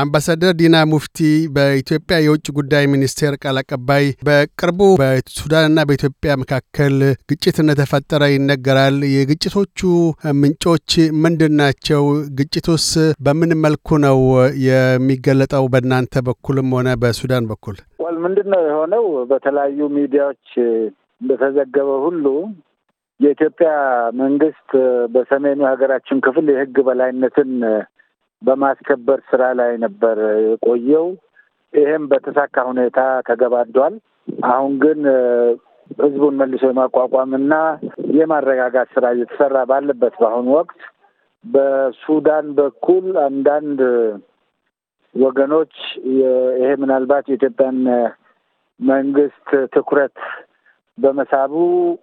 አምባሳደር ዲና ሙፍቲ በኢትዮጵያ የውጭ ጉዳይ ሚኒስቴር ቃል አቀባይ፣ በቅርቡ በሱዳንና በኢትዮጵያ መካከል ግጭት እንደተፈጠረ ይነገራል። የግጭቶቹ ምንጮች ምንድን ናቸው? ግጭቱስ በምን መልኩ ነው የሚገለጠው? በእናንተ በኩልም ሆነ በሱዳን በኩል ወል ምንድን ነው የሆነው? በተለያዩ ሚዲያዎች እንደተዘገበ ሁሉ የኢትዮጵያ መንግስት በሰሜኑ የሀገራችን ክፍል የህግ በላይነትን በማስከበር ስራ ላይ ነበር የቆየው። ይህም በተሳካ ሁኔታ ተገባዷል። አሁን ግን ህዝቡን መልሶ የማቋቋምና የማረጋጋት ስራ እየተሰራ ባለበት በአሁኑ ወቅት በሱዳን በኩል አንዳንድ ወገኖች ይሄ ምናልባት የኢትዮጵያን መንግስት ትኩረት በመሳቡ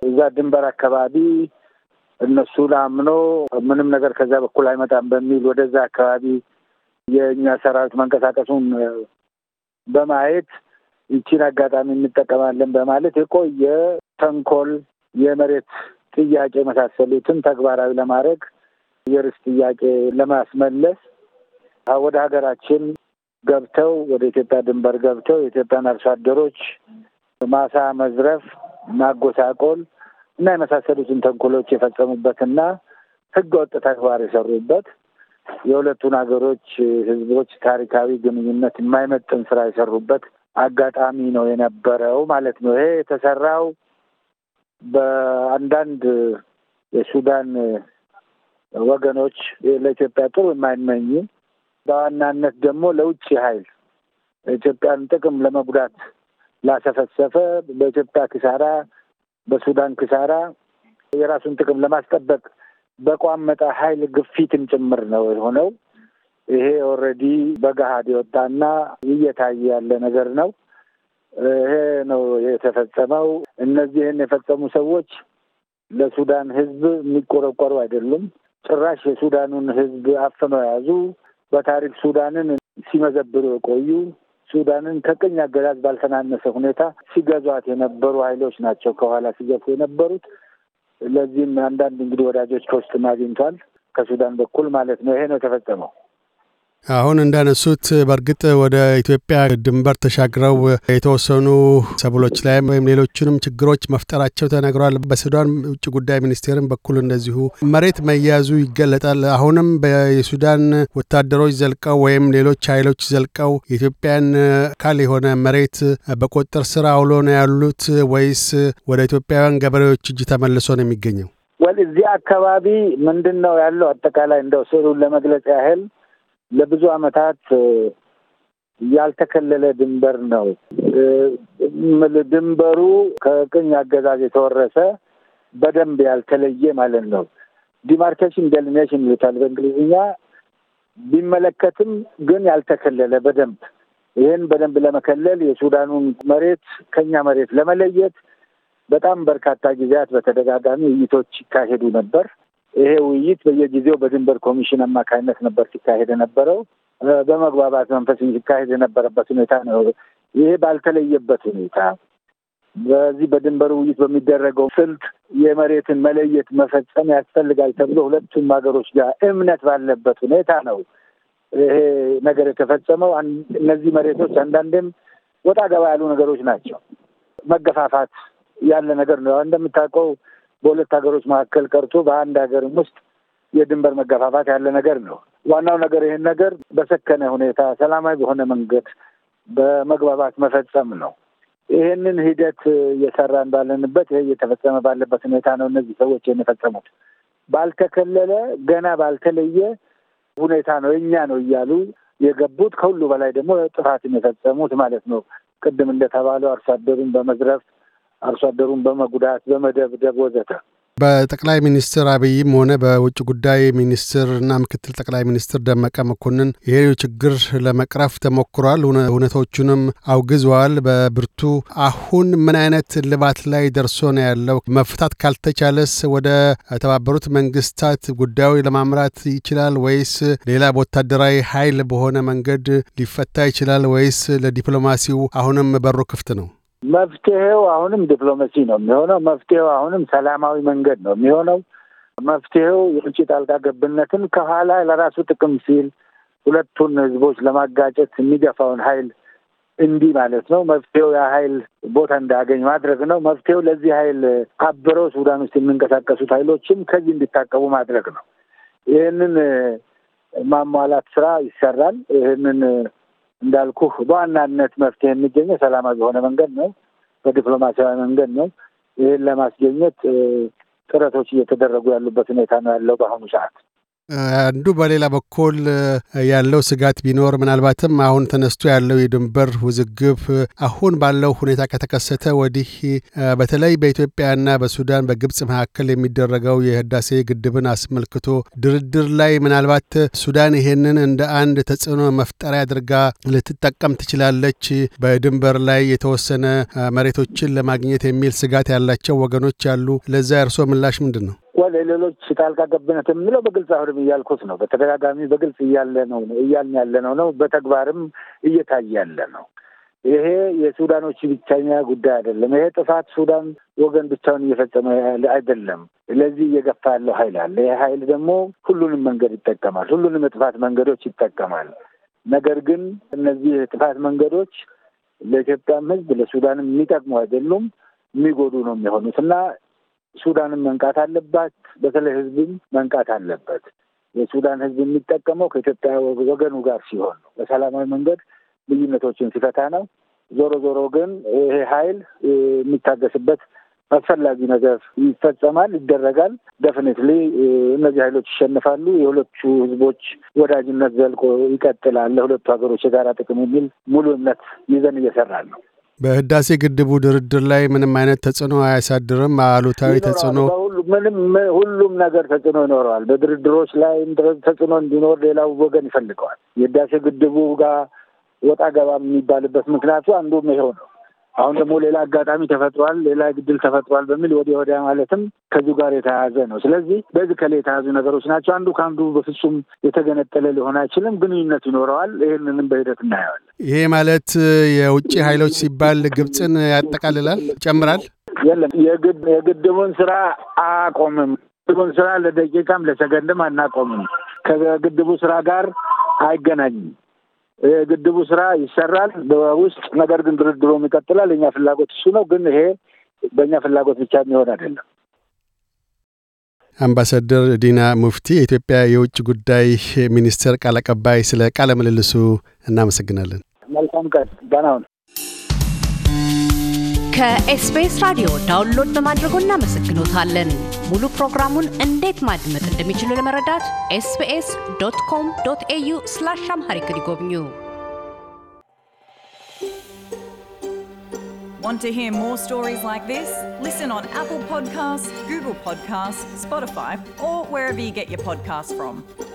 እዛ ድንበር አካባቢ እነሱ ላምኖ ምንም ነገር ከዛ በኩል አይመጣም በሚል ወደዛ አካባቢ የእኛ ሰራዊት መንቀሳቀሱን በማየት ይቺን አጋጣሚ እንጠቀማለን በማለት የቆየ ተንኮል፣ የመሬት ጥያቄ የመሳሰሉትን ተግባራዊ ለማድረግ የርስ ጥያቄ ለማስመለስ ወደ ሀገራችን ገብተው ወደ ኢትዮጵያ ድንበር ገብተው የኢትዮጵያን አርሶ አደሮች ማሳ መዝረፍ፣ ማጎሳቆል እና የመሳሰሉትን ተንኮሎች የፈጸሙበትና ህገ ወጥ ተግባር የሰሩበት የሁለቱን ሀገሮች ህዝቦች ታሪካዊ ግንኙነት የማይመጥን ስራ የሰሩበት አጋጣሚ ነው የነበረው ማለት ነው። ይሄ የተሰራው በአንዳንድ የሱዳን ወገኖች ለኢትዮጵያ ጥሩ የማይመኙ በዋናነት ደግሞ ለውጭ ኃይል ኢትዮጵያን ጥቅም ለመጉዳት ላሰፈሰፈ በኢትዮጵያ ኪሳራ በሱዳን ክሳራ የራሱን ጥቅም ለማስጠበቅ በቋመጠ ኃይል ግፊትም ጭምር ነው የሆነው። ይሄ ኦልሬዲ በገሃድ የወጣና እየታየ ያለ ነገር ነው። ይሄ ነው የተፈጸመው። እነዚህን የፈጸሙ ሰዎች ለሱዳን ሕዝብ የሚቆረቆሩ አይደሉም። ጭራሽ የሱዳኑን ሕዝብ አፍነው የያዙ በታሪክ ሱዳንን ሲመዘብሩ የቆዩ ሱዳንን ከቅኝ አገዛዝ ባልተናነሰ ሁኔታ ሲገዟት የነበሩ ኃይሎች ናቸው ከኋላ ሲገፉ የነበሩት። ለዚህም አንዳንድ እንግዲህ ወዳጆች ከውስጥ አግኝቷል፣ ከሱዳን በኩል ማለት ነው። ይሄ ነው የተፈጸመው። አሁን እንዳነሱት በእርግጥ ወደ ኢትዮጵያ ድንበር ተሻግረው የተወሰኑ ሰብሎች ላይ ወይም ሌሎችንም ችግሮች መፍጠራቸው ተነግሯል። በሱዳን ውጭ ጉዳይ ሚኒስቴርም በኩል እንደዚሁ መሬት መያዙ ይገለጣል። አሁንም የሱዳን ወታደሮች ዘልቀው ወይም ሌሎች ኃይሎች ዘልቀው የኢትዮጵያን አካል የሆነ መሬት በቁጥጥር ስር አውሎ ነው ያሉት ወይስ ወደ ኢትዮጵያውያን ገበሬዎች እጅ ተመልሶ ነው የሚገኘው? ወል እዚህ አካባቢ ምንድን ነው ያለው አጠቃላይ እንደው ስዕሉን ለመግለጽ ያህል ለብዙ ዓመታት ያልተከለለ ድንበር ነው። ድንበሩ ከቅኝ አገዛዝ የተወረሰ በደንብ ያልተለየ ማለት ነው። ዲማርኬሽን ደልኔሽን ይሉታል በእንግሊዝኛ። ቢመለከትም ግን ያልተከለለ በደንብ ይህን በደንብ ለመከለል የሱዳኑን መሬት ከኛ መሬት ለመለየት በጣም በርካታ ጊዜያት በተደጋጋሚ ውይይቶች ይካሄዱ ነበር። ይሄ ውይይት በየጊዜው በድንበር ኮሚሽን አማካኝነት ነበር ሲካሄድ የነበረው። በመግባባት መንፈስ ሲካሄድ የነበረበት ሁኔታ ነው። ይሄ ባልተለየበት ሁኔታ በዚህ በድንበር ውይይት በሚደረገው ስልት የመሬትን መለየት መፈጸም ያስፈልጋል ተብሎ ሁለቱም ሀገሮች ጋር እምነት ባለበት ሁኔታ ነው ይሄ ነገር የተፈጸመው። እነዚህ መሬቶች አንዳንዴም ወጣ ገባ ያሉ ነገሮች ናቸው። መገፋፋት ያለ ነገር ነው። እንደምታውቀው በሁለት ሀገሮች መካከል ቀርቶ በአንድ ሀገርም ውስጥ የድንበር መገፋፋት ያለ ነገር ነው። ዋናው ነገር ይህን ነገር በሰከነ ሁኔታ ሰላማዊ በሆነ መንገድ በመግባባት መፈጸም ነው። ይህንን ሂደት እየሰራን ባለንበት ይህ እየተፈጸመ ባለበት ሁኔታ ነው እነዚህ ሰዎች ይህን የፈጸሙት። ባልተከለለ ገና ባልተለየ ሁኔታ ነው እኛ ነው እያሉ የገቡት። ከሁሉ በላይ ደግሞ ጥፋትን የፈጸሙት ማለት ነው። ቅድም እንደተባለው አርሶ አደሩን በመዝረፍ አርሶ አደሩን በመጉዳት በመደብደብ ወዘተ በጠቅላይ ሚኒስትር አብይም ሆነ በውጭ ጉዳይ ሚኒስትርና ምክትል ጠቅላይ ሚኒስትር ደመቀ መኮንን ይሄ ችግር ለመቅረፍ ተሞክሯል፣ እውነቶቹንም አውግዘዋል በብርቱ። አሁን ምን አይነት ልባት ላይ ደርሶ ነው ያለው? መፍታት ካልተቻለስ ወደ ተባበሩት መንግስታት ጉዳዩ ለማምራት ይችላል ወይስ ሌላ በወታደራዊ ሀይል በሆነ መንገድ ሊፈታ ይችላል ወይስ ለዲፕሎማሲው አሁንም በሩ ክፍት ነው? መፍትሄው አሁንም ዲፕሎማሲ ነው የሚሆነው። መፍትሄው አሁንም ሰላማዊ መንገድ ነው የሚሆነው። መፍትሄው የውጭ ጣልቃ ገብነትን ከኋላ ለራሱ ጥቅም ሲል ሁለቱን ህዝቦች ለማጋጨት የሚገፋውን ኃይል እንዲህ ማለት ነው። መፍትሄው ያ ቦታ እንዳያገኝ ማድረግ ነው። መፍትሄው ለዚህ ኃይል አብረው ሱዳን ውስጥ የሚንቀሳቀሱት ኃይሎችም ከዚህ እንዲታቀቡ ማድረግ ነው። ይህንን ማሟላት ስራ ይሰራል። ይህንን እንዳልኩ በዋናነት መፍትሄ የሚገኘው ሰላማዊ በሆነ መንገድ ነው። በዲፕሎማሲያዊ መንገድ ነው። ይህን ለማስገኘት ጥረቶች እየተደረጉ ያሉበት ሁኔታ ነው ያለው በአሁኑ ሰዓት። አንዱ በሌላ በኩል ያለው ስጋት ቢኖር ምናልባትም አሁን ተነስቶ ያለው የድንበር ውዝግብ አሁን ባለው ሁኔታ ከተከሰተ ወዲህ በተለይ በኢትዮጵያና በሱዳን በግብፅ መካከል የሚደረገው የህዳሴ ግድብን አስመልክቶ ድርድር ላይ ምናልባት ሱዳን ይሄንን እንደ አንድ ተጽዕኖ መፍጠሪያ አድርጋ ልትጠቀም ትችላለች፣ በድንበር ላይ የተወሰነ መሬቶችን ለማግኘት የሚል ስጋት ያላቸው ወገኖች አሉ። ለዛ የእርሶ ምላሽ ምንድን ነው? ሌሎች ጣልቃ ገብነት የምለው በግልጽ አሁንም እያልኩት ነው። በተደጋጋሚ በግልጽ እያለ ነው እያልን ያለ ነው ነው በተግባርም እየታየ ያለ ነው። ይሄ የሱዳኖች ብቸኛ ጉዳይ አይደለም። ይሄ ጥፋት ሱዳን ወገን ብቻውን እየፈጸመ አይደለም። ለዚህ እየገፋ ያለው ኃይል አለ። ይህ ኃይል ደግሞ ሁሉንም መንገድ ይጠቀማል። ሁሉንም የጥፋት መንገዶች ይጠቀማል። ነገር ግን እነዚህ የጥፋት መንገዶች ለኢትዮጵያም ሕዝብ ለሱዳንም የሚጠቅሙ አይደሉም፣ የሚጎዱ ነው የሚሆኑት እና ሱዳንም መንቃት አለባት። በተለይ ህዝብም መንቃት አለበት። የሱዳን ህዝብ የሚጠቀመው ከኢትዮጵያ ወገኑ ጋር ሲሆን ነው፣ በሰላማዊ መንገድ ልዩነቶችን ሲፈታ ነው። ዞሮ ዞሮ ግን ይሄ ሀይል የሚታገስበት አስፈላጊ ነገር ይፈጸማል፣ ይደረጋል። ደፍኒትሊ እነዚህ ሀይሎች ይሸንፋሉ። የሁለቱ ህዝቦች ወዳጅነት ዘልቆ ይቀጥላል። ለሁለቱ ሀገሮች የጋራ ጥቅም የሚል ሙሉ እምነት ይዘን እየሰራን ነው። በህዳሴ ግድቡ ድርድር ላይ ምንም አይነት ተጽዕኖ አያሳድርም። አሉታዊ ተጽዕኖ ምንም ሁሉም ነገር ተጽዕኖ ይኖረዋል። በድርድሮች ላይ ተጽዕኖ እንዲኖር ሌላው ወገን ይፈልገዋል። የህዳሴ ግድቡ ጋር ወጣ ገባ የሚባልበት ምክንያቱ አንዱም ይሄው ነው። አሁን ደግሞ ሌላ አጋጣሚ ተፈጥሯል፣ ሌላ ግድል ተፈጥሯል በሚል ወዲያ ወዲያ ማለትም ከዚሁ ጋር የተያያዘ ነው። ስለዚህ በዚህ ከላይ የተያዙ ነገሮች ናቸው። አንዱ ከአንዱ በፍጹም የተገነጠለ ሊሆን አይችልም፣ ግንኙነት ይኖረዋል። ይህንንም በሂደት እናየዋለን። ይሄ ማለት የውጭ ኃይሎች ሲባል ግብፅን ያጠቃልላል፣ ይጨምራል። የለም የግድቡን ስራ አቆምም ግድቡን ስራ ለደቂቃም ለሰገንድም አናቆምም። ከግድቡ ስራ ጋር አይገናኝም። የግድቡ ስራ ይሰራል በውስጥ ነገር ግን ድርድሮም ይቀጥላል። የኛ ፍላጎት እሱ ነው። ግን ይሄ በእኛ ፍላጎት ብቻ የሚሆን አይደለም። አምባሳደር ዲና ሙፍቲ የኢትዮጵያ የውጭ ጉዳይ ሚኒስቴር ቃል አቀባይ፣ ስለ ቃለ ምልልሱ እናመሰግናለን። መልካም ቀን። ደህና ሁኑ። ከኤስቢኤስ ራዲዮ ዳውንሎድ በማድረጎ እናመሰግኖታለን። ሙሉ ፕሮግራሙን እንዴት ማድመጥ እንደሚችሉ ለመረዳት ኤስቢኤስ ዶት ኮም ዶት ኤዩ ስላሽ አምሃሪክ ይጎብኙ። Want to hear more stories like this? Listen on Apple Podcasts, Google Podcasts, Spotify, or wherever you get your podcasts from.